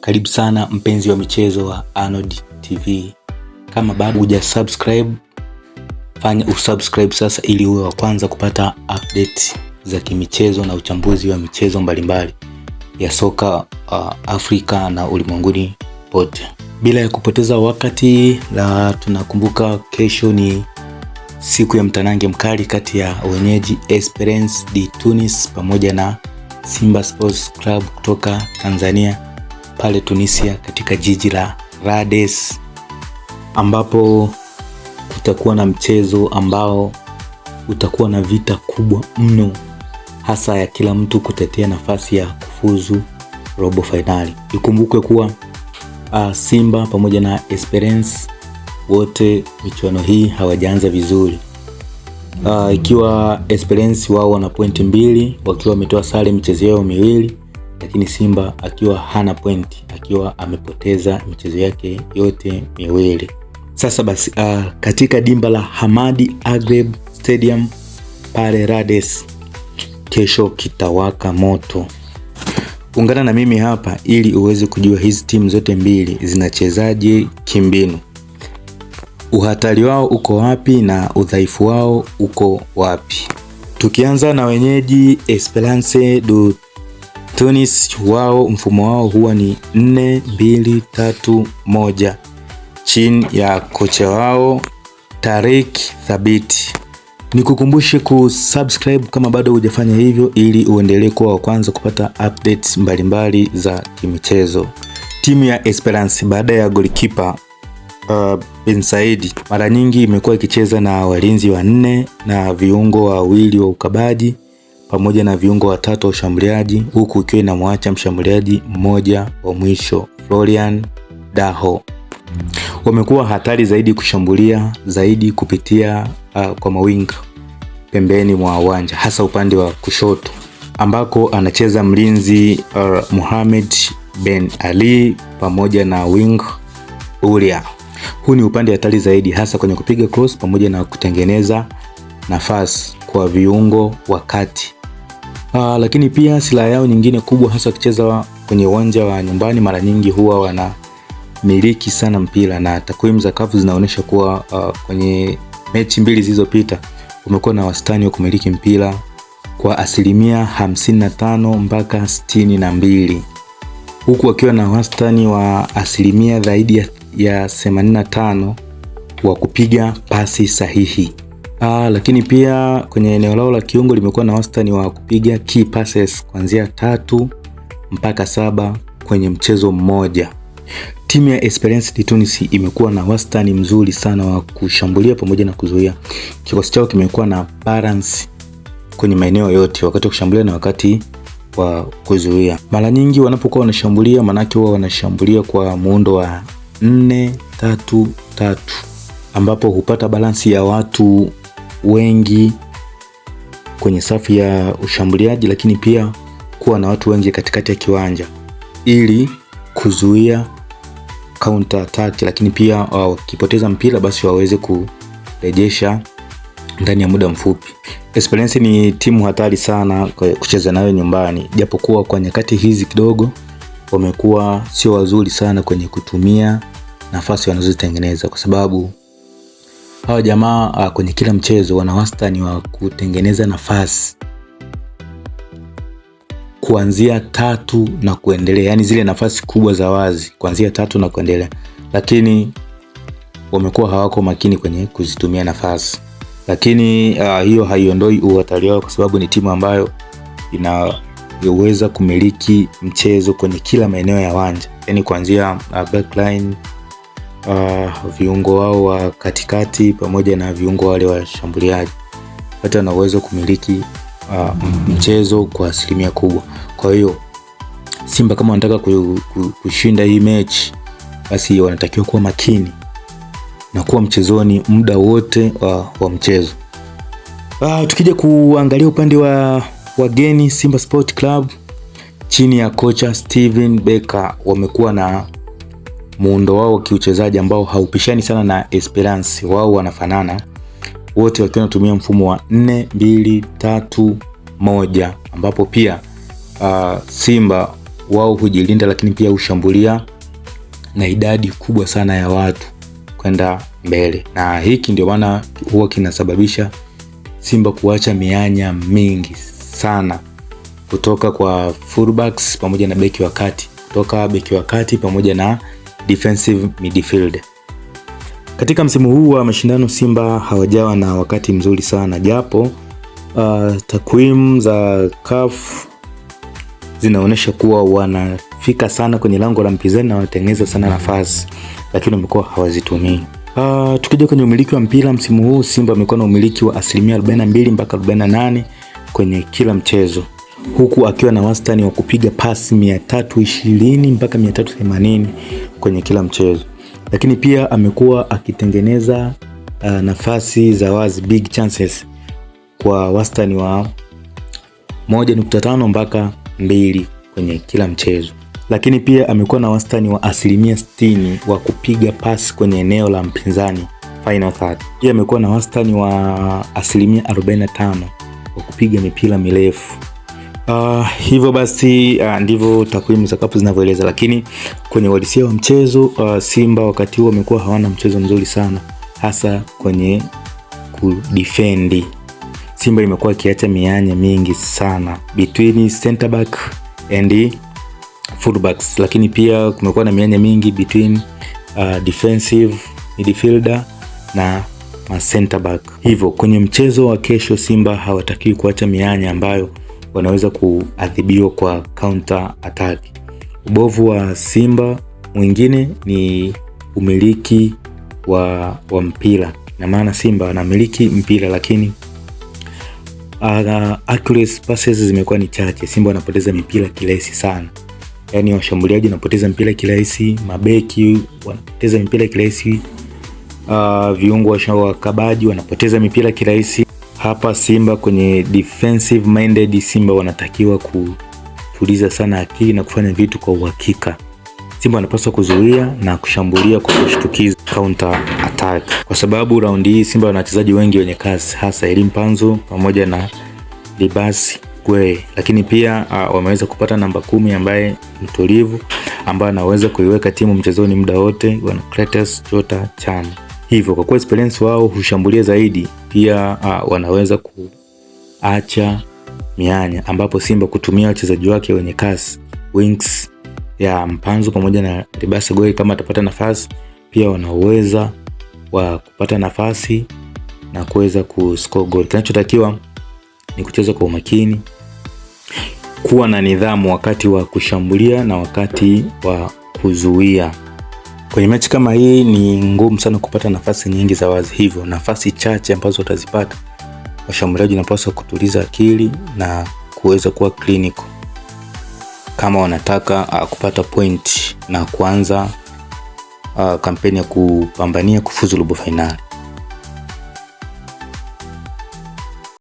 Karibu sana mpenzi wa michezo wa Anod TV. Kama bado huja subscribe, fanya usubscribe sasa ili uwe wa kwanza kupata update za kimichezo na uchambuzi wa michezo mbalimbali ya soka uh, Afrika na ulimwenguni pote. Bila ya kupoteza wakati, na tunakumbuka kesho ni siku ya mtanange mkali kati ya wenyeji Esperance de Tunis pamoja na Simba Sports Club kutoka Tanzania pale Tunisia katika jiji la Rades ambapo kutakuwa na mchezo ambao utakuwa na vita kubwa mno, hasa ya kila mtu kutetea nafasi ya kufuzu robo fainali. Ikumbukwe kuwa uh, Simba pamoja na Esperance wote michuano hii hawajaanza vizuri. Uh, ikiwa Esperance wao wana pointi mbili wakiwa wametoa sare michezo yao miwili lakini Simba akiwa hana pointi, akiwa amepoteza michezo yake yote miwili. Sasa basi uh, katika dimba la Hamadi Agreb Stadium pale Rades kesho kitawaka moto. Ungana na mimi hapa ili uweze kujua hizi timu zote mbili zinachezaje kimbinu, uhatari wao uko wapi na udhaifu wao uko wapi. Tukianza na wenyeji Esperance du Tunis wao mfumo wao huwa ni 4231 chini ya kocha wao Tarik Thabiti. Nikukumbushe kusubscribe kama bado hujafanya hivyo, ili uendelee kuwa wa kwanza kupata updates mbalimbali mbali za kimichezo. Timu ya Esperance baada ya golikipa uh, Ben Saidi mara nyingi imekuwa ikicheza na walinzi wanne na viungo wawili wa ukabaji pamoja na viungo watatu wa ushambuliaji, huku ikiwa inamwacha mshambuliaji mmoja wa mwisho Florian Daho. Wamekuwa hatari zaidi kushambulia zaidi kupitia uh, kwa mawinga pembeni mwa uwanja, hasa upande wa kushoto ambako anacheza mlinzi uh, Mohamed Ben Ali pamoja na wing Uria. Huu ni upande hatari zaidi hasa kwenye kupiga cross pamoja na kutengeneza nafasi kwa viungo wakati Aa, ah, lakini pia silaha yao nyingine kubwa hasa wakicheza kwenye uwanja wa nyumbani mara nyingi huwa wana miliki sana mpira na takwimu za kafu zinaonyesha kuwa uh, kwenye mechi mbili zilizopita umekuwa na wastani wa kumiliki mpira kwa asilimia 55 mpaka 62 huku wakiwa na wastani wa asilimia zaidi ya 85 wa kupiga pasi sahihi. Aa, ah, lakini pia kwenye eneo lao la kiungo limekuwa na wastani wa kupiga key passes kuanzia tatu mpaka saba kwenye mchezo mmoja. Timu ya Esperance de Tunis imekuwa na wastani mzuri sana wa kushambulia pamoja na kuzuia. Kikosi chao kimekuwa na balance kwenye maeneo yote, wakati wa kushambulia na wakati wa kuzuia. Mara nyingi wanapokuwa wanashambulia, manake huwa wanashambulia kwa muundo wa nne tatu tatu ambapo hupata balansi ya watu wengi kwenye safu ya ushambuliaji, lakini pia kuwa na watu wengi katikati ya kiwanja ili kuzuia counter attack, lakini pia uh, wakipoteza mpira basi waweze kurejesha ndani ya muda mfupi. Esperance ni timu hatari sana kucheza nayo nyumbani, japokuwa kwa nyakati hizi kidogo wamekuwa sio wazuri sana kwenye kutumia nafasi wanazotengeneza kwa sababu hawa jamaa ah, kwenye kila mchezo wana wastani wa kutengeneza nafasi kuanzia tatu na kuendelea, yani zile nafasi kubwa za wazi kuanzia tatu na kuendelea, lakini wamekuwa hawako makini kwenye kuzitumia nafasi. Lakini uh, hiyo haiondoi uhatari wao, kwa sababu ni timu ambayo inaweza kumiliki mchezo kwenye kila maeneo ya uwanja, yani kuanzia uh, ah, backline uh, viungo wao wa katikati pamoja na viungo wale washambuliaji. Hata ana uwezo kumiliki uh, mchezo kwa asilimia kubwa. Kwa hiyo Simba kama wanataka kushinda hii mechi, basi wanatakiwa kuwa makini na kuwa mchezoni muda wote wa, wa mchezo. Uh, tukija kuangalia upande wa wageni Simba Sport Club chini ya kocha Steven Becker wamekuwa na muundo wao wa kiuchezaji ambao haupishani sana na Esperance, wao wanafanana wote wakiwa wanatumia mfumo wa 4 2 3 1, ambapo pia uh, Simba wao hujilinda, lakini pia hushambulia na idadi kubwa sana ya watu kwenda mbele, na hiki ndio maana huwa kinasababisha Simba kuacha mianya mingi sana kutoka kwa fullbacks pamoja na beki wa kati, kutoka beki wa kati pamoja na defensive midfield. Katika msimu huu wa mashindano Simba hawajawa na wakati mzuri sana japo uh, takwimu za CAF zinaonyesha kuwa wanafika sana kwenye lango la mpinzani na wanatengeneza sana nafasi, lakini wamekuwa hawazitumii. Uh, tukija kwenye umiliki wa mpira msimu huu Simba amekuwa na umiliki wa asilimia 42 mpaka 48 kwenye kila mchezo huku akiwa na wastani wa kupiga pasi 320 mpaka 380 kwenye kila mchezo, lakini pia amekuwa akitengeneza uh, nafasi za wazi big chances kwa wastani wa 1.5 mpaka 2 kwenye kila mchezo, lakini pia amekuwa na wastani wa asilimia 60 wa kupiga pasi kwenye eneo la mpinzani final third. Pia amekuwa na wastani wa asilimia 45 wa kupiga mipira mirefu Uh, hivyo basi uh, ndivyo takwimu za kapu zinavyoeleza, lakini kwenye uhalisia wa mchezo uh, Simba wakati huo wamekuwa hawana mchezo mzuri sana, hasa kwenye kudefend. Simba imekuwa ikiacha mianya mingi sana between center back and fullbacks, lakini pia kumekuwa na mianya mingi between uh, defensive midfielder na ma center back. Hivyo kwenye mchezo wa kesho Simba hawatakiwi kuacha mianya ambayo wanaweza kuadhibiwa kwa counter attack. Ubovu wa Simba mwingine ni umiliki wa, wa mpira na maana Simba anamiliki mpira lakini uh, ah, accuracy passes zimekuwa ni chache. Simba wanapoteza mipira kirahisi sana, yaani washambuliaji wanapoteza mpira kirahisi, mabeki wanapoteza mipira kirahisi, uh, viungo wakabaji wanapoteza mipira kirahisi. Hapa Simba kwenye defensive minded, Simba wanatakiwa kutuliza sana akili na kufanya vitu kwa uhakika. Simba wanapaswa kuzuia na kushambulia kwa kushtukiza, counter attack, kwa sababu raundi hii Simba wana wachezaji wengi wenye kasi, hasa Elim Panzu pamoja na Libasi Gwe, lakini pia uh, wameweza kupata namba kumi ambaye mtulivu ambaye anaweza kuiweka timu mchezoni muda wote, wana Clatous Chota Chama hivyo kwa kuwa experience wao hushambulia zaidi, pia a, ah, wanaweza kuacha mianya, ambapo Simba kutumia wachezaji wake wenye kasi wings ya Mpanzu pamoja na Ribasa Goi kama atapata nafasi, pia wanaweza wa kupata nafasi na kuweza kuscore goal. Kinachotakiwa ni kucheza kwa umakini, kuwa na nidhamu wakati wa kushambulia na wakati wa kuzuia. Kwenye mechi kama hii ni ngumu sana kupata nafasi nyingi za wazi, hivyo nafasi chache ambazo utazipata, washambuliaji wanapaswa kutuliza akili na kuweza kuwa clinical kama wanataka ah, kupata point na kuanza kampeni ah, ya kupambania kufuzu robo fainali.